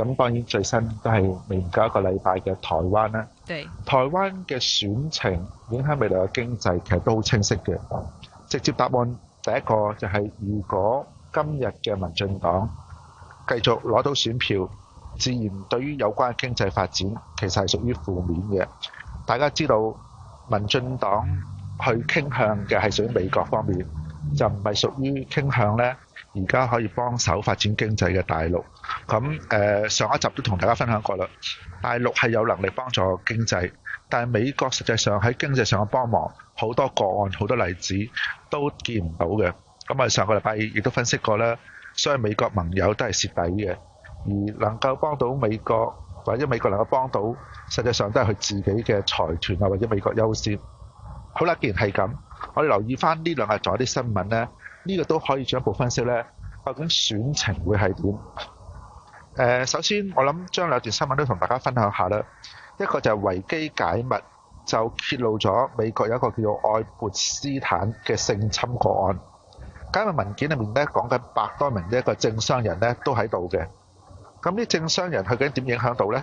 咁當然最新都係未夠一個禮拜嘅台灣啦。對，台灣嘅選情影響未來嘅經濟，其實都好清晰嘅。直接答案第一個就係，如果今日嘅民進黨繼續攞到選票，自然對於有關經濟發展其實係屬於負面嘅。大家知道民進黨去傾向嘅係屬於美國方面，就唔係屬於傾向呢，而家可以幫手發展經濟嘅大陸，咁誒、呃、上一集都同大家分享過啦。大陸係有能力幫助經濟，但係美國實際上喺經濟上嘅幫忙好多個案、好多例子都見唔到嘅。咁啊，上個禮拜亦都分析過啦，所以美國盟友都係蝕底嘅。而能夠幫到美國或者美國能夠幫到，實際上都係佢自己嘅財團啊，或者美國優先。好啦，既然係咁，我哋留意返呢兩日左啲新聞呢。呢個都可以進一步分析呢。究竟選情會係點？誒，首先我諗將兩段新聞都同大家分享下啦。一個就係維基解密就揭露咗美國有一個叫做愛潑斯坦嘅性侵個案。解密文件裡面呢，講緊百多名一個政商人呢都喺度嘅。咁啲政商人佢究竟點影響到呢？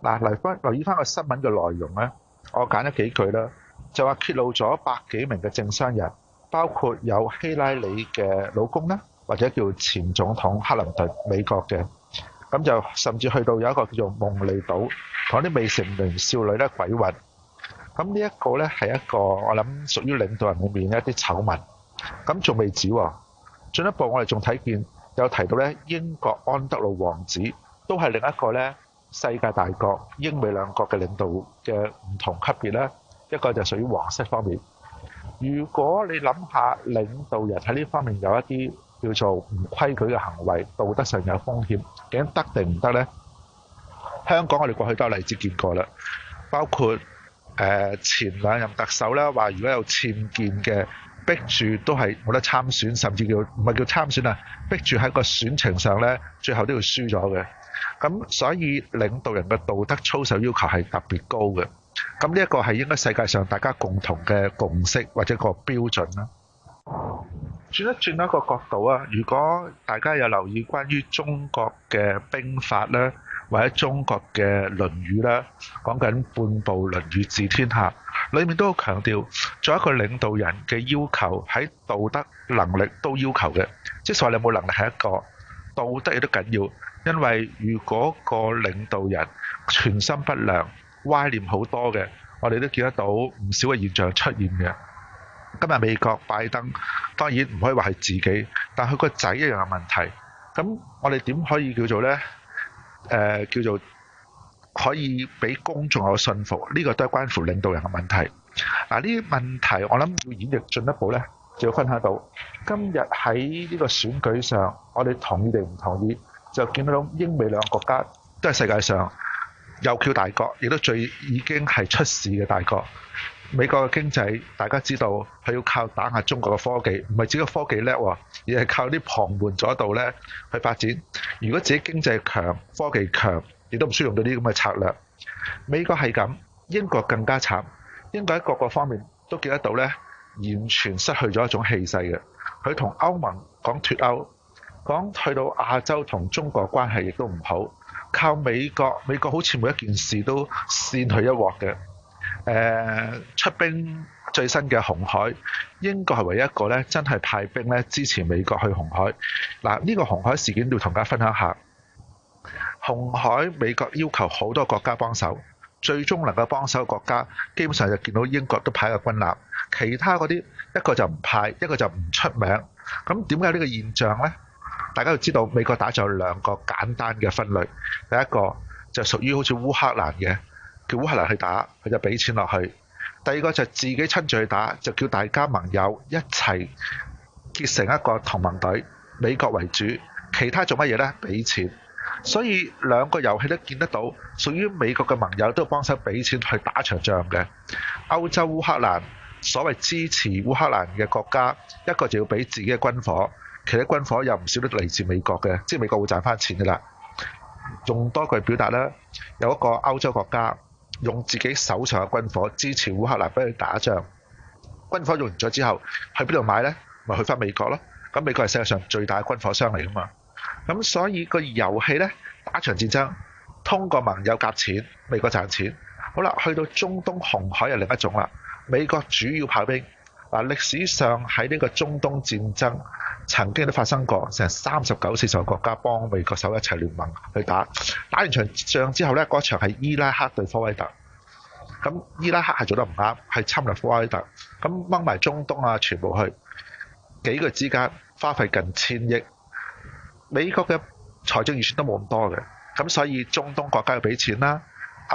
嗱，留返留意返個新聞嘅內容呢，我揀咗幾句啦，就話揭露咗百幾名嘅政商人。包括有希拉里嘅老公咧，或者叫前總統克林頓美國嘅，咁就甚至去到有一個叫做夢麗島，同啲未成年少女咧鬼混。咁呢一個咧係一個我諗屬於領導人裏面嘅一啲醜聞。咁仲未止喎，進一步我哋仲睇見有提到咧英國安德魯王子，都係另一個咧世界大國英美兩國嘅領導嘅唔同級別咧，一個就屬於皇室方面。如果你諗下領導人喺呢方面有一啲叫做唔規矩嘅行為，道德上有風險，究竟得定唔得呢？香港我哋過去都有例子見過啦，包括、呃、前兩任特首咧話，如果有僭建嘅，逼住都係冇得參選，甚至叫唔係叫參選啊，逼住喺個選情上呢，最後都要輸咗嘅。咁所以領導人嘅道德操守要求係特別高嘅。咁呢一個係應該世界上大家共同嘅共識或者個標準啦。轉一轉一個角度啊，如果大家有留意關於中國嘅兵法咧，或者中國嘅《論語》咧，講緊半部《論語》治天下，裏面都強調做一個領導人嘅要求喺道德能力都要求嘅。即係所謂你有冇能力係一個道德亦都緊要，因為如果個領導人存心不良。歪念好多嘅，我哋都見得到唔少嘅現象出現嘅。今日美國拜登當然唔可以話係自己，但佢個仔一樣有問題。咁我哋點可以叫做呢？呃、叫做可以俾公眾有信服？呢個都係關乎領導人嘅問題。嗱呢啲問題我諗要演繹進一步呢，就要分享到今日喺呢個選舉上，我哋同意定唔同意，就見到英美兩個國家都係世界上。又叫大國，亦都最已經係出事嘅大國。美國嘅經濟，大家知道佢要靠打壓中國嘅科技，唔係只有科技叻喎，而係靠啲旁門左道咧去發展。如果自己經濟強、科技強，亦都唔需要用到呢啲咁嘅策略。美國係咁，英國更加慘。英國喺各個方面都記得到咧，完全失去咗一種氣勢嘅。佢同歐盟講脫歐，講去到亞洲同中國關係亦都唔好。靠美國，美國好似每一件事都扇佢一鑊嘅。呃，出兵最新嘅紅海，英國係唯一一個咧，真係派兵咧支持美國去紅海。嗱，呢個紅海事件要同大家分享一下。紅海美國要求好多國家幫手，最終能夠幫手嘅國家，基本上就見到英國都派個軍艦，其他嗰啲一個就唔派，一個就唔出名。咁點解呢個現象呢？大家要知道美國打仗兩個簡單嘅分類，第一個就屬於好似烏克蘭嘅，叫烏克蘭去打，佢就俾錢落去。第二個就自己親自去打，就叫大家盟友一齊結成一個同盟隊，美國為主，其他做乜嘢呢？俾錢。所以兩個遊戲都見得到，屬於美國嘅盟友都幫手俾錢去打場仗嘅。歐洲烏克蘭所謂支持烏克蘭嘅國家，一個就要俾自己嘅軍火。其實軍火有唔少都嚟自美國嘅，即係美國會賺翻錢噶啦。用多句表達啦，有一個歐洲國家用自己手上嘅軍火支持烏克蘭，畀佢打仗。軍火用完咗之後，去邊度買呢？咪去翻美國咯。咁美國係世界上最大嘅軍火商嚟噶嘛。咁所以個遊戲呢，打場戰爭，通過盟友夾錢，美國賺錢。好啦，去到中東紅海又另一種啦。美國主要炮兵嗱，歷史上喺呢個中東戰爭。曾經都發生過，成三十九四十個國家幫美國手一齊聯盟去打。打完場仗之後咧，嗰場係伊拉克對科威特，咁伊拉克係做得唔啱，係侵略科威特，咁掹埋中東啊，全部去幾個月之間花費近千億，美國嘅財政預算都冇咁多嘅，咁所以中東國家要俾錢啦。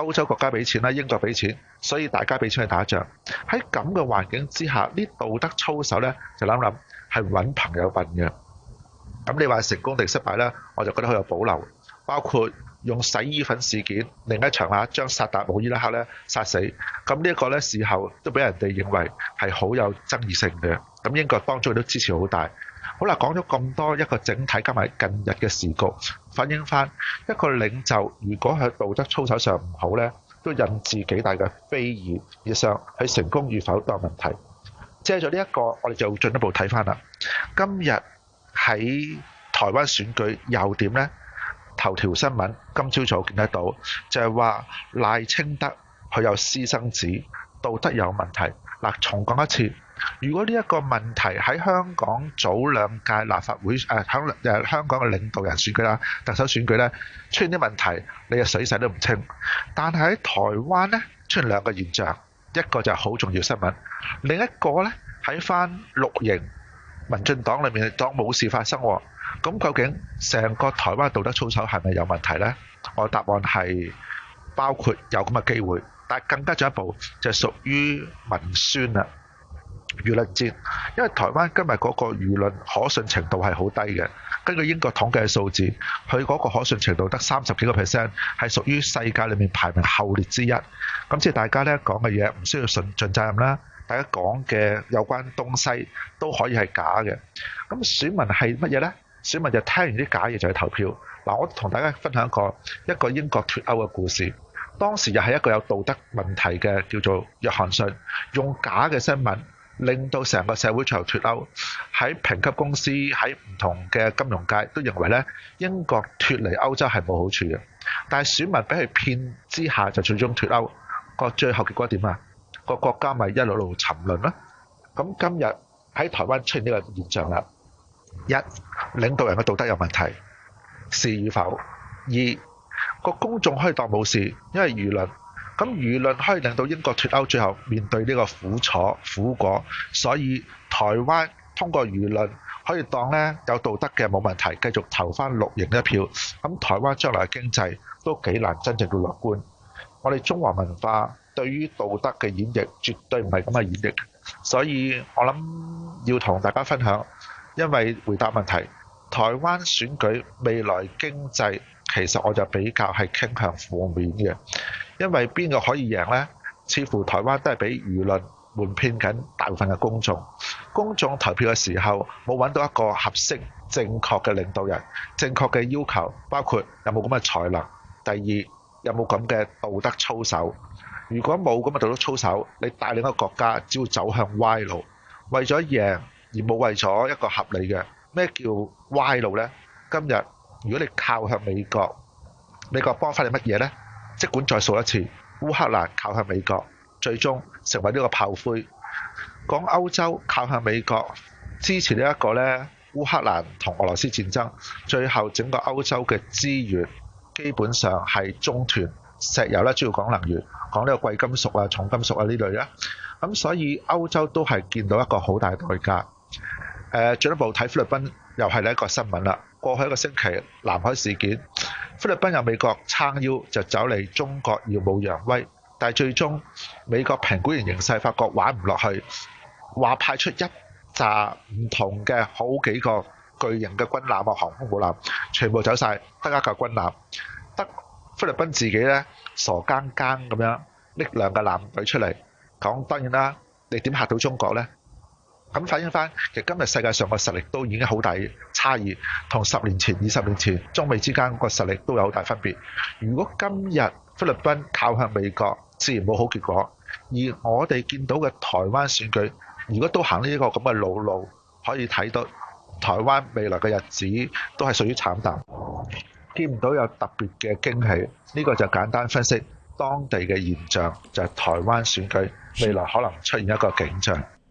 歐洲國家俾錢啦，英國俾錢，所以大家俾錢去打仗。喺咁嘅環境之下，呢道德操守咧就諗諗係揾朋友笨嘅。咁你話成功定失敗咧，我就覺得好有保留。包括用洗衣粉事件，另一場呀將薩達姆伊拉克咧殺死。咁呢一個咧事後都俾人哋認為係好有爭議性嘅。咁英國當中亦都支持好大。好啦，講咗咁多一個整體，加埋近日嘅事局，反映翻一個領袖，如果喺道德操守上唔好呢，都引致幾大嘅非議。以上，佢成功與否都有問題。借咗呢一個，我哋就進一步睇翻啦。今日喺台灣選舉又點呢？頭條新聞今朝早見得到，就係話賴清德佢有私生子，道德有問題。嗱，重講一次，如果呢一個問題喺香港早兩屆立法會誒，響誒香港嘅領導人選舉啦、特首選舉咧出現啲問題，你嘅水洗都唔清。但係喺台灣咧出現兩個現象，一個就係好重要新聞，另一個咧喺翻綠營民進黨裏面當冇事發生。咁究竟成個台灣嘅道德操守係咪有問題咧？我答案係包括有咁嘅機會。但係更加進一步就係、是、屬於文宣啦、輿論戰，因為台灣今日嗰個輿論可信程度係好低嘅。根據英國統計嘅數字，佢嗰個可信程度得三十幾個 percent，係屬於世界裡面排名後列之一。咁即係大家咧講嘅嘢唔需要信盡責任啦，大家講嘅有關東西都可以係假嘅。咁選民係乜嘢呢？選民就聽完啲假嘢就去投票。嗱，我同大家分享一個一個英國脱歐嘅故事。當時又係一個有道德問題嘅叫做約翰遜，用假嘅新聞令到成個社會最後脱歐。喺評級公司喺唔同嘅金融界都認為咧，英國脱離歐洲係冇好處嘅。但係選民俾佢騙之下就最終脱歐。個最後結果點啊？個國家咪一路路沉淪囉。咁今日喺台灣出現呢個現象啦。一領導人嘅道德有問題，是與否？二個公眾可以當冇事，因為輿論。咁輿論可以令到英國脱歐最後面對呢個苦楚苦果，所以台灣通過輿論可以當呢有道德嘅冇問題，繼續投翻綠營一票。咁台灣將來嘅經濟都幾難真正嘅樂觀。我哋中華文化對於道德嘅演繹絕對唔係咁嘅演繹，所以我諗要同大家分享，因為回答問題，台灣選舉未來經濟。其實我就比較係傾向負面嘅，因為邊個可以贏呢？似乎台灣都係俾輿論瞞騙緊大部分嘅公眾。公眾投票嘅時候冇搵到一個合適正確嘅領導人，正確嘅要求包括有冇咁嘅才能。第二，有冇咁嘅道德操守？如果冇咁嘅道德操守，你帶領個國家只要走向歪路。為咗贏而冇為咗一個合理嘅，咩叫歪路呢？今日。如果你靠向美國，美國幫翻你乜嘢呢？即管再數一次，烏克蘭靠向美國，最終成為呢個炮灰。講歐洲靠向美國支持呢一個呢，烏克蘭同俄羅斯戰爭，最後整個歐洲嘅資源基本上係中斷，石油啦，主要講能源，講呢個貴金屬啊、重金屬啊呢類啦。咁所以歐洲都係見到一個好大代價。誒，進一步睇菲律賓，又係呢一個新聞啦。過去一個星期，南海事件，菲律賓有美國撐腰就走嚟中國耀武揚威，但係最終美國評估完形勢，發覺玩唔落去，話派出一紮唔同嘅好幾個巨型嘅軍艦或航空母艦，全部走晒，得一架軍艦。得菲律賓自己咧，傻更更咁樣拎兩個艦隊出嚟，講當然啦，你點嚇到中國咧？咁反映翻，其實今日世界上個實力都已經好大差異，同十年前、二十年前中美之間個實力都有好大分別。如果今日菲律賓靠向美國，自然冇好結果。而我哋見到嘅台灣選舉，如果都行呢一個咁嘅老路，可以睇到台灣未來嘅日子都係屬於慘淡，見唔到有特別嘅驚喜。呢個就簡單分析當地嘅現象，就係台灣選舉未來可能出現一個景象。